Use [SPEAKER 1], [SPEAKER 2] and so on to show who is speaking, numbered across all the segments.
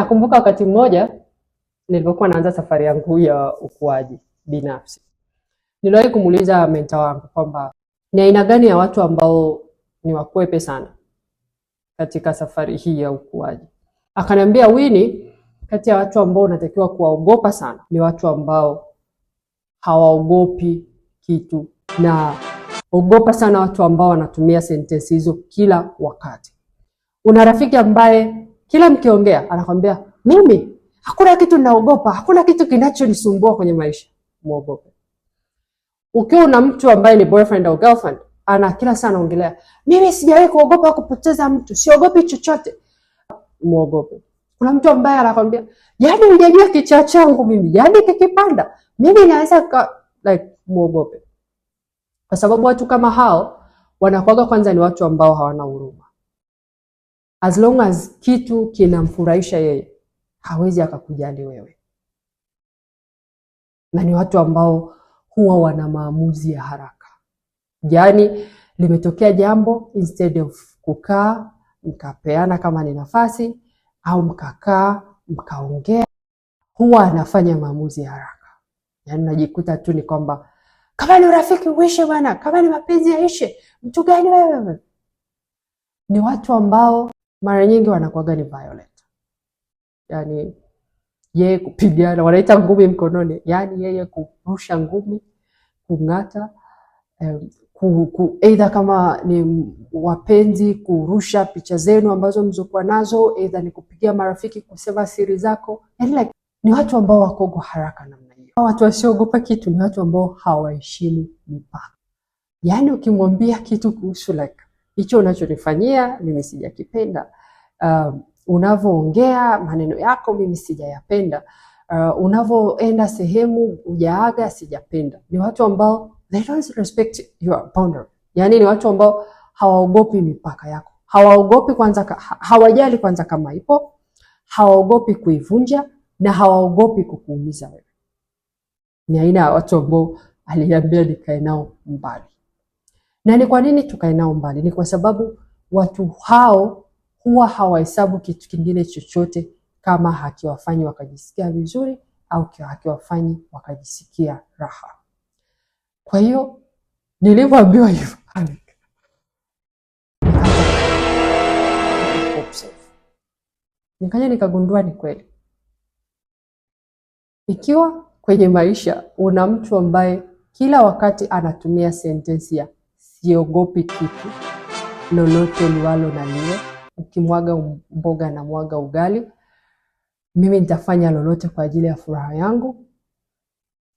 [SPEAKER 1] Nakumbuka wakati mmoja nilipokuwa naanza safari yangu ya ukuaji binafsi, niliwahi kumuuliza menta wangu kwamba ni aina gani ya watu ambao ni wakwepe sana katika safari hii ya ukuaji. Akaniambia, Wini, kati ya watu ambao unatakiwa kuwaogopa sana ni watu ambao hawaogopi kitu, na ogopa sana watu ambao wanatumia sentensi hizo kila wakati. Una rafiki ambaye kila mkiongea anakwambia mimi hakuna kitu naogopa, hakuna kitu kinachonisumbua kwenye maisha. Muogope. Ukiwa na mtu ambaye ni boyfriend au girlfriend, ana kila saa anaongelea mimi sijawahi kuogopa kupoteza mtu, siogopi chochote. Muogope. Kuna mtu ambaye anakwambia yani, hujajua kichwa changu mimi, yani kikipanda mimi naweza like, muogope, kwa sababu watu kama hao wanakuwaga kwanza ni watu ambao hawana huruma. As long as kitu kinamfurahisha yeye, hawezi akakujali wewe, na ni watu ambao huwa wana maamuzi ya haraka. Yaani limetokea jambo, instead of kukaa mkapeana kama ni nafasi au mkakaa mkaongea, huwa anafanya maamuzi ya haraka. Yaani najikuta tu ni kwamba kama ni urafiki uishe bwana, kama ni mapenzi yaishe, mtu gani wewe? Ni watu ambao mara nyingi wanakuwaga ni violent, yani yeye kupigana, wanaita ngumi mkononi, yani yeye kurusha ngumi, kung'ata um, eidha kama ni wapenzi kurusha picha zenu ambazo mzokuwa nazo, eidha ni kupigia marafiki kusema siri zako. Yani like, ni watu ambao wakogo haraka namna hiyo. Watu wasiogopa kitu ni watu ambao hawaheshimu mipaka. Yani ukimwambia kitu kuhusu like hicho unachonifanyia mimi sijakipenda. Uh, unavyoongea maneno yako mimi sijayapenda. Uh, unavyoenda sehemu ujaaga sijapenda. Ni watu ambao they don't respect your boundary. Yani ni watu ambao hawaogopi mipaka yako, hawaogopi kwanza, hawajali kwanza kama ipo, hawaogopi kuivunja na hawaogopi kukuumiza wewe. Ni aina ya watu ambao aliambia nikae nao mbali. Na ni kwa nini tukae nao mbali? Ni kwa sababu watu hao huwa hawahesabu kitu kingine chochote kama hakiwafanyi wakajisikia vizuri au hakiwafanyi wakajisikia raha. Kwa hiyo nilivyoambiwa hivyo nikaja nikagundua ni kweli, ikiwa kwenye maisha una mtu ambaye kila wakati anatumia sentensi ya siogopi kitu lolote liwalo na liwe. Ukimwaga mboga na mwaga ugali, mimi nitafanya lolote kwa ajili ya furaha yangu,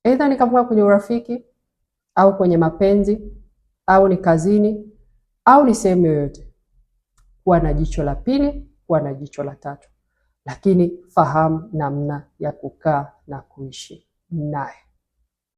[SPEAKER 1] aidha nikamwaga kwenye urafiki au kwenye mapenzi au ni kazini au ni sehemu yoyote. Kuwa na jicho la pili, kuwa na jicho la tatu, lakini fahamu namna ya kukaa na kuishi naye.